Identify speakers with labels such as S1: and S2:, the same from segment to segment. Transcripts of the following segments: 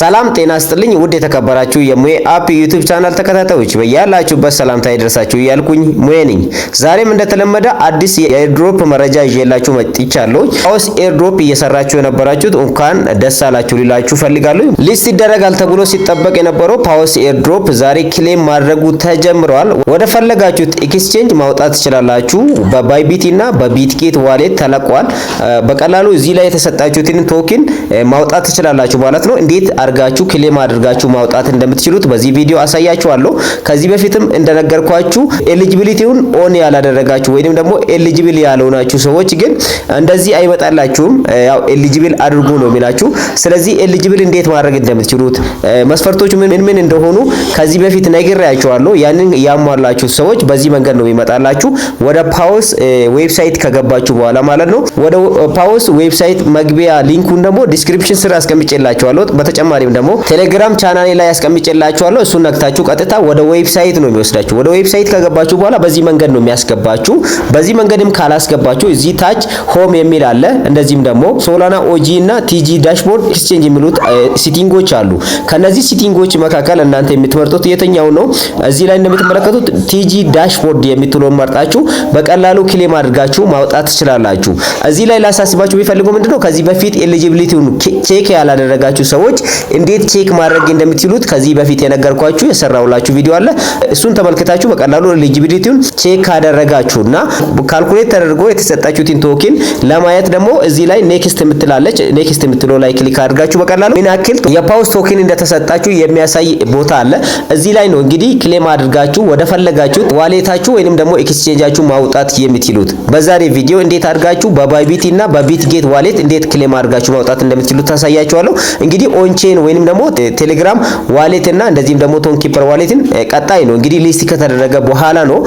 S1: ሰላም ጤና ስጥልኝ ውድ የተከበራችሁ የሙሄ አፕ ዩቲዩብ ቻናል ተከታታዮች በያላችሁበት ሰላምታ ይደርሳችሁ እያልኩኝ ሙሄ ነኝ። ዛሬም እንደተለመደ አዲስ የኤርድሮፕ መረጃ ይዤላችሁ መጥቻለሁ። ቃውስ ኤርድሮፕ እየሰራችሁ የነበራችሁት እንኳን ደስ አላችሁ ሊላችሁ ፈልጋለሁ። ሊስት ይደረጋል ተብሎ ሲጠበቅ የነበረው ፓውስ ኤርድሮፕ ዛሬ ክሌም ማድረጉ ተጀምረዋል። ወደ ፈለጋችሁት ኤክስቼንጅ ማውጣት ትችላላችሁ። በባይቢቲ እና በቢትጌት ዋሌት ተለቋል። በቀላሉ እዚህ ላይ የተሰጣችሁትን ቶኪን ማውጣት ትችላላችሁ ማለት ነው። እንዴት አድርጋችሁ ክሌም አድርጋችሁ ማውጣት እንደምትችሉት በዚህ ቪዲዮ አሳያችኋለሁ። ከዚህ በፊትም እንደነገርኳችሁ ኤሊጂቢሊቲውን ኦን ያላደረጋችሁ ወይንም ደግሞ ኤሊጂቢል ያልሆናችሁ ሰዎች ግን እንደዚህ አይመጣላችሁም። ያው ኤሊጂቢል አድርጉ ነው የሚላችሁ። ስለዚህ ኤሊጂቢል እንዴት ማድረግ እንደምትችሉት መስፈርቶቹ ምን ምን እንደሆኑ ከዚህ በፊት ነግሬያችኋለሁ። ያንን ያሟላችሁ ሰዎች በዚህ መንገድ ነው የሚመጣላችሁ ወደ ፓውስ ዌብሳይት ከገባችሁ በኋላ ማለት ነው። ወደ ፓውስ ዌብሳይት መግቢያ ሊንኩን ደግሞ ዲስክሪፕሽን ስር አስቀምጬላችኋለሁ በተጨማ በተጨማሪም ደግሞ ቴሌግራም ቻናሌ ላይ ያስቀምጬላችኋለሁ። እሱን ነክታችሁ ቀጥታ ወደ ዌብሳይት ነው የሚወስዳችሁ። ወደ ዌብሳይት ከገባችሁ በኋላ በዚህ መንገድ ነው የሚያስገባችሁ። በዚህ መንገድም ካላስገባችሁ እዚህ ታች ሆም የሚል አለ። እንደዚህም ደግሞ ሶላና ኦጂ እና ቲጂ ዳሽቦርድ ኤክስቼንጅ የሚሉት ሲቲንጎች አሉ። ከነዚህ ሲቲንጎች መካከል እናንተ የምትመርጡት የትኛው ነው? እዚህ ላይ እንደምትመለከቱት ቲጂ ዳሽቦርድ የምትለውን መርጣችሁ በቀላሉ ክሌም አድርጋችሁ ማውጣት ትችላላችሁ። እዚህ ላይ ላሳስባችሁ የሚፈልገው ምንድነው ከዚህ በፊት ኤሊጂቢሊቲውን ቼክ ያላደረጋችሁ ሰዎች እንዴት ቼክ ማድረግ እንደምትችሉት ከዚህ በፊት የነገርኳችሁ የሰራውላችሁ ቪዲዮ አለ። እሱን ተመልክታችሁ በቀላሉ ኤሊጂቢሊቲውን ቼክ ካደረጋችሁና ካልኩሌት ተደርጎ የተሰጣችሁትን ቶኪን ለማየት ደግሞ እዚህ ላይ ኔክስት የምትላለች ኔክስት የምትለው ላይ ክሊክ አድርጋችሁ በቀላሉ ምን ያክል የፓውስ ቶኪን እንደተሰጣችሁ የሚያሳይ ቦታ አለ። እዚህ ላይ ነው እንግዲህ ክሌም አድርጋችሁ ወደ ፈለጋችሁት ዋሌታችሁ ወይንም ደግሞ ኤክስቼንጃችሁ ማውጣት የምትችሉት። በዛሬ ቪዲዮ እንዴት አድርጋችሁ በባይቢት እና በቢትጌት ዋሌት እንዴት ክሌም አድርጋችሁ ማውጣት እንደምትችሉት ታሳያችኋለሁ። እንግዲህ ኦንቼ ቼን ወይንም ደግሞ ቴሌግራም ዋሌት እና እንደዚህም ደግሞ ቶን ኪፐር ዋሌትን ቀጣይ ነው እንግዲህ ሊስት ከተደረገ በኋላ ነው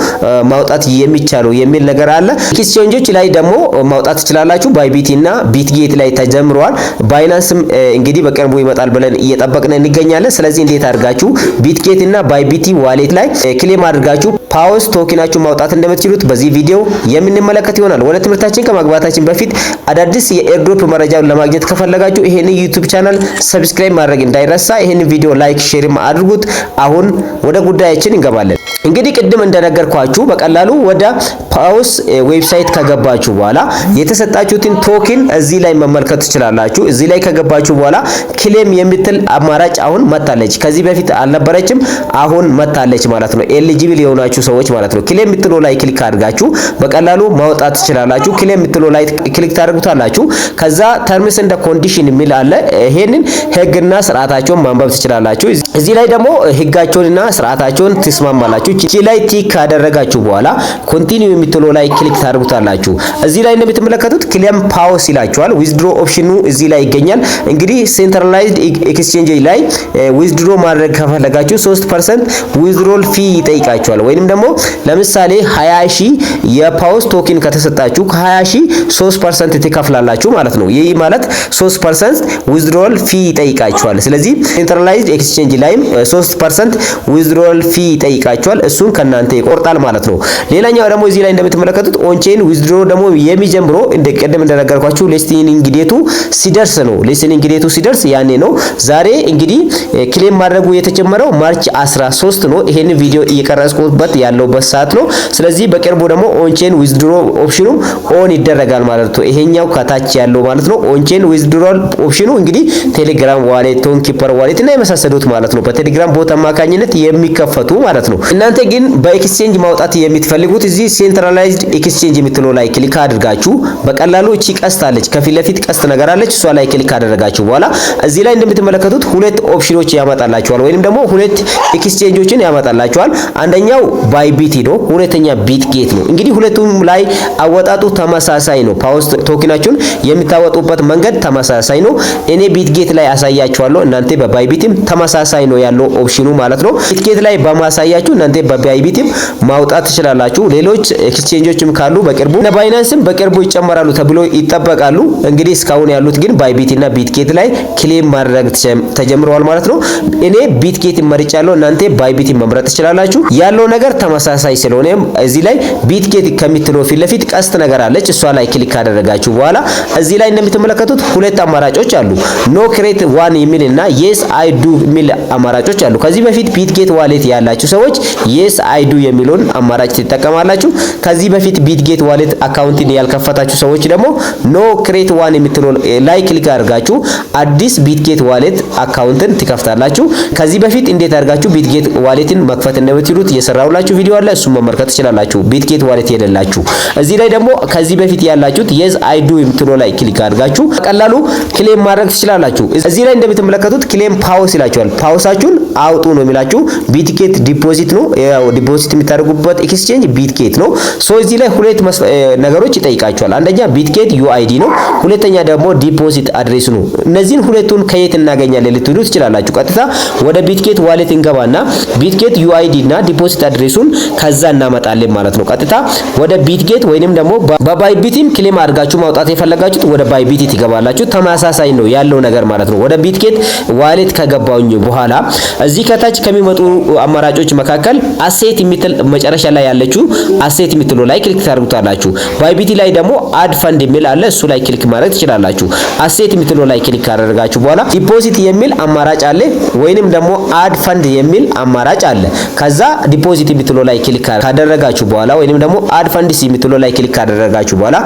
S1: ማውጣት የሚቻለው የሚል ነገር አለ። ኤክስቼንጆች ላይ ደግሞ ማውጣት ትችላላችሁ። ባይቢቲ እና ቢትጌት ላይ ተጀምረዋል። ባይናንስም እንግዲህ በቅርቡ ይመጣል ብለን እየጠበቅን እንገኛለን። ስለዚህ እንዴት አድርጋችሁ ቢትጌት እና ባይቢቲ ዋሌት ላይ ክሌም አድርጋችሁ ፓውስ ቶኪናችሁ ማውጣት እንደምትችሉት በዚህ ቪዲዮ የምንመለከት ይሆናል። ወደ ትምህርታችን ከማግባታችን በፊት አዳዲስ የኤርድሮፕ መረጃ ለማግኘት ከፈለጋችሁ ይሄን ዩቲዩብ ቻናል ሰብስክራይብ ሰብስክራይብ ማድረግ እንዳይረሳ። ይህን ቪዲዮ ላይክ፣ ሼር አድርጉት። አሁን ወደ ጉዳያችን እንገባለን። እንግዲህ ቅድም እንደነገርኳችሁ በቀላሉ ወደ ፓውስ ዌብሳይት ከገባችሁ በኋላ የተሰጣችሁትን ቶክን እዚህ ላይ መመልከት ትችላላችሁ። እዚህ ላይ ከገባችሁ በኋላ ክሌም የምትል አማራጭ አሁን መታለች። ከዚህ በፊት አልነበረችም፣ አሁን መታለች ማለት ነው። ኤሊጂብል የሆናችሁ ሰዎች ማለት ነው። ክሌም የምትለው ላይ ክሊክ አድርጋችሁ በቀላሉ ማውጣት ትችላላችሁ። ክሌም የምትለው ላይ ክሊክ ታደርጉታላችሁ። ከዛ ተርምስ እንደ ኮንዲሽን የሚል አለ። ይሄንን ህግ ህግና ስርዓታቸውን ማንበብ ትችላላችሁ። እዚህ ላይ ደግሞ ህጋቸውንና ስርዓታቸውን ትስማማላችሁ። እቺ ላይ ቲክ ካደረጋችሁ በኋላ ኮንቲኒው የምትለው ላይ ክሊክ ታደርጉታላችሁ። እዚህ ላይ እንደምትመለከቱት ክሊም ፓውስ ይላችኋል። ዊዝድሮ ኦፕሽኑ እዚህ ላይ ይገኛል። እንግዲህ ሴንትራላይዝድ ኤክስቼንጅ ላይ ዊዝድሮ eh, ማድረግ ከፈለጋችሁ 3% ዊዝድሮል ፊ ይጠይቃችኋል። ወይንም ደግሞ ለምሳሌ 20000 የፓውስ ቶኪን ከተሰጣችሁ ከ20 3% ትከፍላላችሁ ማለት ነው። ይህ ማለት 3% ዊዝድሮል ፊ ይጠይቃችኋል። ስለዚህ ሴንትራላይዝድ ኤክስቼንጅ እዚህ ላይም 3% ዊዝድሮል ፊ ይጠይቃቸዋል። እሱን ከእናንተ ይቆርጣል ማለት ነው። ሌላኛው ደግሞ እዚህ ላይ እንደምትመለከቱት ኦንቼን ዊዝድሮ ደግሞ የሚጀምሮ እንደቀደም እንደነገርኳችሁ ሊስቲንግ ዴቱ ሲደርስ ነው። ሊስቲንግ ዴቱ ሲደርስ ያኔ ነው። ዛሬ እንግዲህ ክሌም ማድረጉ የተጀመረው ማርች 13 ነው። ይሄን ቪዲዮ እየቀረጽኩበት ያለውበት ሰዓት ነው። ስለዚህ በቅርቡ ደግሞ ኦንቼን ዊዝድሮ ኦፕሽኑ ኦን ይደረጋል ማለት ነው። ይሄኛው ከታች ያለው ማለት ነው። ኦንቼን ዊዝድሮል ኦፕሽኑ እንግዲህ ቴሌግራም ዋሌት፣ ቶን ኪፐር ዋሌት እና የመሳሰሉት ማለት ነው። ማለት ነው። በቴሌግራም ቦት አማካኝነት የሚከፈቱ ማለት ነው። እናንተ ግን በኤክስቼንጅ ማውጣት የምትፈልጉት እዚህ ሴንትራላይዝድ ኤክስቼንጅ የምትለው ላይ ክሊክ አድርጋችሁ በቀላሉ እቺ ቀስት አለች፣ ከፊት ለፊት ቀስት ነገር አለች። እሷ ላይ ክሊክ አደረጋችሁ በኋላ እዚህ ላይ እንደምትመለከቱት ሁለት ኦፕሽኖች ያመጣላችኋል፣ ወይንም ደግሞ ሁለት ኤክስቼንጆችን ያመጣላችኋል። አንደኛው ባይቢት ነው፣ ሁለተኛ ቢትጌት ነው። እንግዲህ ሁለቱም ላይ አወጣጡ ተመሳሳይ ነው። ፓውስ ቶኪናችሁን የምታወጡበት መንገድ ተመሳሳይ ነው። እኔ ቢት ጌት ላይ አሳያችኋለሁ። እናንተ ቢትም ተመሳሳይ ተመሳሳይ ነው ያለው ኦፕሽኑ ማለት ነው። ቲኬት ላይ በማሳያችሁ እናንተ በቢአይቢቲም ማውጣት ትችላላችሁ። ሌሎች ኤክስቼንጆችም ካሉ በቅርቡ እና ባይናንስም በቅርቡ ይጨመራሉ ተብሎ ይጠበቃሉ። እንግዲህ እስካሁን ያሉት ግን ባይቢት እና ቢትኬት ላይ ክሌም ማድረግ ተጀምረዋል ማለት ነው። እኔ ቢትኬት መርጫለሁ፣ እናንተ ባይቢት መምረጥ ትችላላችሁ። ያለው ነገር ተመሳሳይ ስለሆነ እዚህ ላይ ቢትኬት ከሚትለው ፊት ለፊት ቀስት ነገር አለች። እሷ ላይ ክሊክ ካደረጋችሁ በኋላ እዚህ ላይ እንደምትመለከቱት ሁለት አማራጮች አሉ። ኖ ክሬት ዋን የሚል እና የስ አይ ዱ የሚል አማራጮች አሉ። ከዚህ በፊት ቢትጌት ዋሌት ያላችሁ ሰዎች የስ አይዱ የሚለውን አማራጭ ትጠቀማላችሁ። ከዚህ በፊት ቢትጌት ዋሌት አካውንትን ያልከፈታችሁ ሰዎች ደግሞ ኖ ክሬት ዋን የምትለውን ላይ ክሊክ አድርጋችሁ አዲስ ቢትጌት ዋሌት አካውንትን ትከፍታላችሁ። ከዚህ በፊት እንዴት አድርጋችሁ ቢትጌት ዋሌትን መክፈት እንደምትችሉት የሰራውላችሁ ቪዲዮ አለ። እሱን መመልከት ትችላላችሁ። ቢትጌት ዋሌት የሌላችሁ እዚህ ላይ ደግሞ ከዚህ በፊት ያላችሁት የስ አይዱ የምትለው ላይ ክሊክ አድርጋችሁ ቀላሉ ክሌም ማድረግ ትችላላችሁ። እዚህ ላይ እንደምትመለከቱት ክሌም ፓውስ ይላችኋል። አውሳችሁን አውጡ ነው የሚላችሁ። ቢትኬት ዲፖዚት ነው ያው ዲፖዚት የምታደርጉበት ኤክስቼንጅ ቢትኬት ነው። ሶ እዚህ ላይ ሁለት ነገሮች ይጠይቃችኋል። አንደኛ ቢትኬት ዩአይዲ ነው። ሁለተኛ ደግሞ ዲፖዚት አድሬስ ነው። እነዚህን ሁለቱን ከየት እናገኛለን ልትሉ ትችላላችሁ። ቀጥታ ወደ ቢትኬት ዋሌት እንገባና ቢትኬት ዩአይዲ እና ዲፖዚት አድሬሱን ከዛ እናመጣለን ማለት ነው። ቀጥታ ወደ ቢትጌት ወይንም ደግሞ በባይቢቲም ክሌም አድርጋችሁ ማውጣት የፈለጋችሁት ወደ ባይቢት ትገባላችሁ። ተመሳሳይ ነው ያለው ነገር ማለት ነው። ወደ ቢትጌት ዋሌት ከገባውኝ በኋላ እዚህ ከታች ከሚመጡ አማራጮች መካከል አሴት የሚትል መጨረሻ ላይ ያለችው አሴት የሚትሉ ላይ ክሊክ ታደርጉታላችሁ። ባይቢቲ ላይ ደግሞ አድ ፈንድ የሚል አለ። እሱ ላይ ክሊክ ማድረግ ትችላላችሁ። አሴት የምትለው ላይ ክሊክ ካደረጋችሁ በኋላ ዲፖዚት የሚል አማራጭ አለ፣ ወይንም ደግሞ አድ ፈንድ የሚል አማራጭ አለ። ከዛ ዲፖዚት የምትለው ላይ ክሊክ ካደረጋችሁ በኋላ ወይንም ደግሞ አድ ፈንድስ የምትለው ላይ ክሊክ ካደረጋችሁ በኋላ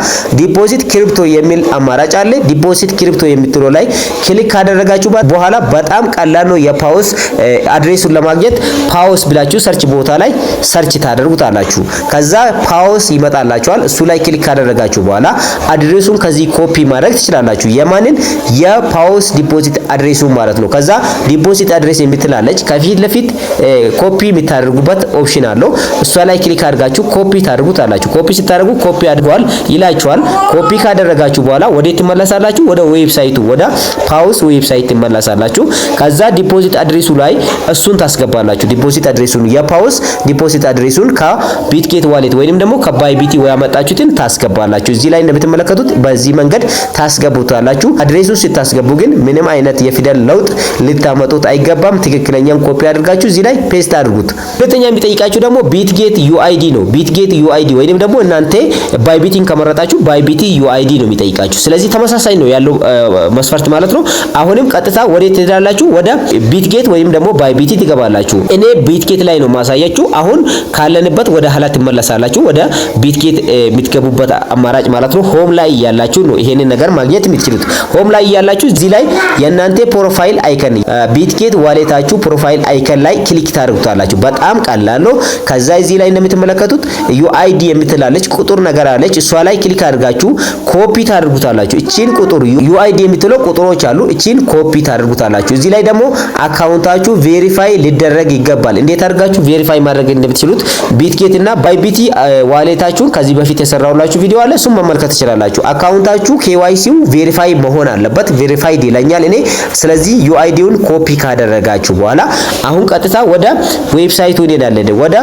S1: ዲፖዚት ክሪፕቶ የሚል አማራጭ አለ። ዲፖዚት ክሪፕቶ የምትለው ላይ ክሊክ ካደረጋችሁ በኋላ በጣም ቀላል ነው። የፓውስ አድሬሱን ለማግኘት ፓውስ ብላችሁ ሰርች ቦታ ላይ ሰርች ታደርጉታላችሁ። ከዛ ፓውስ ይመጣላችኋል። እሱ ላይ ክሊክ ካደረጋችሁ በኋላ አድሬሱን ከዚህ ኮፒ ኮፒ ማድረግ ትችላላችሁ። የማንን የፓውስ ዲፖዚት አድሬሱ ማለት ነው። ከዛ ዲፖዚት አድሬስ የምትላለች ከፊት ለፊት ኮፒ የምታደርጉበት ኦፕሽን አለው። እሷ ላይ ክሊክ አድርጋችሁ ኮፒ ታደርጉታላችሁ። ኮፒ ስታደርጉ ኮፒ አድርገዋል ይላችኋል። ኮፒ ካደረጋችሁ በኋላ ወዴት ትመለሳላችሁ? ወደ ዌብሳይቱ ወደ ፓውስ ዌብሳይት ትመለሳላችሁ። ከዛ ዲፖዚት አድሬሱ ላይ እሱን ታስገባላችሁ። ዲፖዚት አድሬሱን የፓውስ ዲፖዚት አድሬሱን ከቢትጌት ዋሌት ወይንም ደግሞ ከባይቢቲ ያመጣችሁትን ታስገባላችሁ። እዚህ ላይ እንደምትመለከቱት በዚህ መንገድ መንገድ ታስገቡታላችሁ። አድሬሱ ስታስገቡ ግን ምንም አይነት የፊደል ለውጥ ልታመጡት አይገባም። ትክክለኛን ኮፒ አድርጋችሁ እዚህ ላይ ፔስት አድርጉት። ሁለተኛ የሚጠይቃችሁ ደግሞ ቢትጌት ዩአይዲ ነው። ቢትጌት ዩአይዲ ወይንም ደግሞ እናንተ ባይቢቲን ከመረጣችሁ ባይቢቲ ዩአይዲ ነው የሚጠይቃችሁ። ስለዚህ ተመሳሳይ ነው ያለው መስፈርት ማለት ነው። አሁንም ቀጥታ ወደ ትሄዳላችሁ፣ ወደ ቢትጌት ወይም ደግሞ ባይቢቲ ትገባላችሁ። እኔ ቢትጌት ላይ ነው ማሳያችሁ። አሁን ካለንበት ወደ ኋላ ትመለሳላችሁ፣ ወደ ቢትጌት የምትገቡበት አማራጭ ማለት ነው። ሆም ላይ ያላችሁ ነው ይሄንን ነገር ማግኘት የምትችሉት ሆም ላይ እያላችሁ እዚህ ላይ የእናንተ ፕሮፋይል አይከን ቢትጌት ዋሌታችሁ ፕሮፋይል አይከን ላይ ክሊክ ታደርጉታላችሁ። በጣም ቀላል ነው። ከዛ እዚህ ላይ እንደምትመለከቱት ዩአይዲ የምትላለች ቁጥር ነገር አለች። እሷ ላይ ክሊክ አድርጋችሁ ኮፒ ታደርጉታላችሁ። እቺን ቁጥር ዩአይዲ የምትለው ቁጥሮች አሉ። እቺን ኮፒ ታደርጉታላችሁ። እዚህ ላይ ደግሞ አካውንታችሁ ቬሪፋይ ሊደረግ ይገባል። እንዴት አድርጋችሁ ቬሪፋይ ማድረግ እንደምትችሉት ቢትጌት እና ባይቢቲ ዋሌታችሁን ከዚህ በፊት የሰራውላችሁ ቪዲዮ አለ። እሱም መመልከት ትችላላችሁ። አካውንታችሁ ኬዋይሲው ቬሪፋይ መሆን አለበት። ቬሪፋይድ ይለኛል እኔ። ስለዚህ ዩአይዲውን ኮፒ ካደረጋችሁ በኋላ አሁን ቀጥታ ወደ ዌብሳይቱ እንሄዳለን። ወደ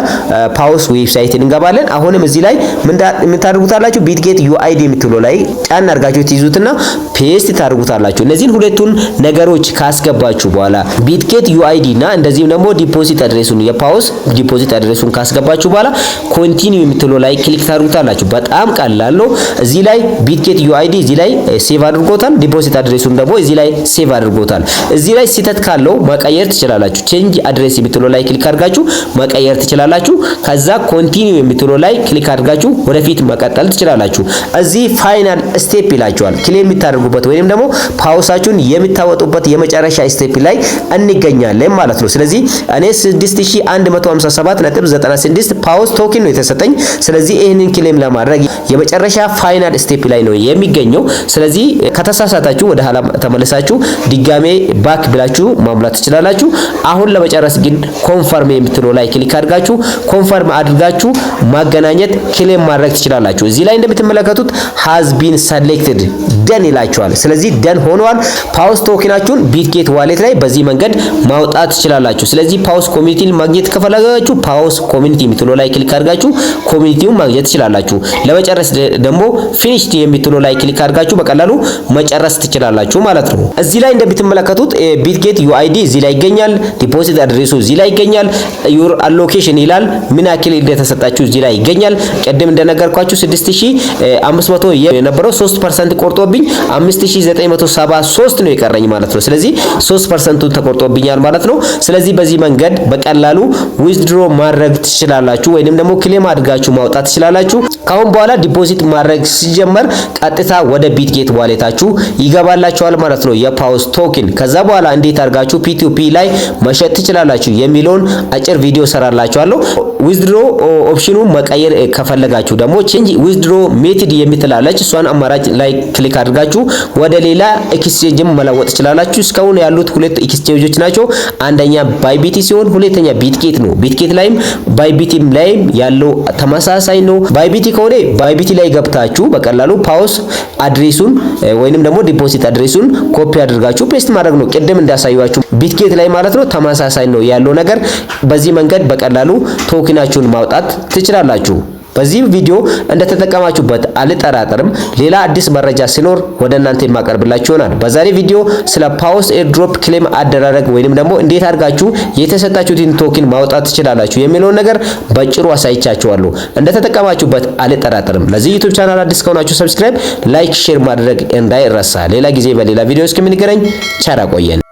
S1: ፓውስ ዌብሳይት እንገባለን። አሁንም እዚህ ላይ ምን የምታደርጉታላችሁ ቢትጌት ዩአይዲ የምትሉ ላይ ጫን አድርጋችሁ ትይዙትና ፔስት ታደርጉታላችሁ። እነዚህን ሁለቱን ነገሮች ካስገባችሁ በኋላ ቢትጌት ዩአይዲ እና እንደዚህም ደግሞ ዲፖዚት አድሬሱን የፓውስ ዲፖዚት አድሬሱን ካስገባችሁ በኋላ ኮንቲኒው የምትሉ ላይ ክሊክ ታደርጉታላችሁ። በጣም ቀላል ነው። እዚህ ላይ ቢትጌት ዩአይዲ እዚህ ላይ ሴቭ አድርጎታል። ዲፖዚት አድሬሱን ደግሞ እዚህ ላይ ሴቭ አድርጎታል። እዚህ ላይ ስህተት ካለው መቀየር ትችላላችሁ። ቼንጅ አድሬስ የምትለው ላይ ክሊክ አድርጋችሁ መቀየር ትችላላችሁ። ከዛ ኮንቲኒው የምትለው ላይ ክሊክ አድርጋችሁ ወደፊት መቀጠል ትችላላችሁ። እዚህ ፋይናል ስቴፕ ይላችኋል። ክሌም የምታደርጉበት ወይም ደግሞ ፓውሳችሁን የምታወጡበት የመጨረሻ ስቴፕ ላይ እንገኛለን ማለት ነው። ስለዚህ እኔ 6157.96 ፓውስ ቶክን ነው የተሰጠኝ። ስለዚህ ይህንን ክሌም ለማድረግ የመጨረሻ ፋይናል ስቴፕ ላይ ነው የሚገኘው። የሚገኘው። ስለዚህ ከተሳሳታችሁ ወደ ኋላ ተመልሳችሁ ድጋሜ ባክ ብላችሁ ማሙላት ትችላላችሁ። አሁን ለመጨረስ ግን ኮንፈርም የምትለው ላይ ክሊክ አድርጋችሁ ኮንፈርም አድርጋችሁ ማገናኘት ክሌም ማድረግ ትችላላችሁ። እዚህ ላይ እንደምትመለከቱት ሃዝ ቢን ሰሌክትድ ደን ይላቸዋል። ስለዚህ ደን ሆኗል። ፓውስ ቶኪናችሁን ቢትጌት ዋሌት ላይ በዚህ መንገድ ማውጣት ትችላላችሁ። ስለዚህ ፓውስ ኮሚኒቲን ማግኘት ከፈለጋችሁ ፓውስ ኮሚኒቲ የምትለው ላይ ክሊክ አድርጋችሁ ኮሚኒቲውን ማግኘት ትችላላችሁ። ለመጨረስ ደግሞ ፊኒሽ የምትለው ላይ ክሊክ አድርጋችሁ በቀላሉ መጨረስ ትችላላችሁ ማለት ነው። እዚህ ላይ እንደምትመለከቱት ቢትጌት ዩአይዲ እዚህ ላይ ይገኛል። ዲፖዚት አድሬሱ እዚህ ላይ ይገኛል። ዩር አሎኬሽን ይላል ምን ያክል እንደተሰጣችሁ እዚህ ላይ ይገኛል። ቀደም እንደነገርኳችሁ 6500 የነበረው 3% ቆርጦብኝ ተቆርጦብኝ 5973 ነው የቀረኝ ማለት ነው። ስለዚህ 3 ፐርሰንቱ ተቆርጦብኛል ማለት ነው። ስለዚህ በዚህ መንገድ በቀላሉ ዊዝድሮ ማድረግ ትችላላችሁ፣ ወይንም ደግሞ ክሌም አድርጋችሁ ማውጣት ትችላላችሁ። ካሁን በኋላ ዲፖዚት ማድረግ ሲጀመር ቀጥታ ወደ ቢትጌት ዋሌታችሁ ይገባላችኋል ማለት ነው የፓውስ ቶኪን። ከዛ በኋላ እንዴት አድርጋችሁ ፒቱፒ ላይ መሸጥ ትችላላችሁ የሚለውን አጭር ቪዲዮ ሰራላችኋለሁ። ዊዝድሮ ኦፕሽኑን መቀየር ከፈለጋችሁ ደግሞ ቼንጅ ዊዝድሮ ሜትድ የምትላለች እሷን አማራጭ ላይ ክሊክ አድርጋችሁ ወደ ሌላ ኤክስቼንጅም መለወጥ ትችላላችሁ። እስካሁን ያሉት ሁለት ኤክስቼንጆች ናቸው። አንደኛ ባይቢት ሲሆን ሁለተኛ ቢትኬት ነው። ቢትኬት ላይም ባይቢትም ላይም ያለው ተመሳሳይ ነው። ባይቢት ከሆነ ባይቢት ላይ ገብታችሁ በቀላሉ ፓውስ አድሬሱን ወይንም ደግሞ ዲፖዚት አድሬሱን ኮፒ አድርጋችሁ ፔስት ማድረግ ነው። ቅድም እንዳሳያችሁ ቢትኬት ላይ ማለት ነው። ተመሳሳይ ነው ያለው ነገር። በዚህ መንገድ በቀላሉ ቶክናችሁን ማውጣት ትችላላችሁ። በዚህ ቪዲዮ እንደተጠቀማችሁበት አልጠራጠርም። ሌላ አዲስ መረጃ ሲኖር ወደ እናንተ የማቀርብላችሁ ይሆናል። በዛሬ ቪዲዮ ስለ ፓውስ ኤርድሮፕ ክሌም አደራረግ ወይንም ደግሞ እንዴት አድርጋችሁ የተሰጣችሁትን ቶኪን ማውጣት ትችላላችሁ የሚለውን ነገር በጭሩ አሳይቻችኋለሁ። እንደተጠቀማችሁበት አልጠራጠርም። ለዚህ ዩቱብ ቻናል አዲስ ከሆናችሁ ሰብስክራይብ፣ ላይክ፣ ሼር ማድረግ እንዳይረሳ። ሌላ ጊዜ በሌላ ቪዲዮ እስከምንገናኝ ቸር ቆየን።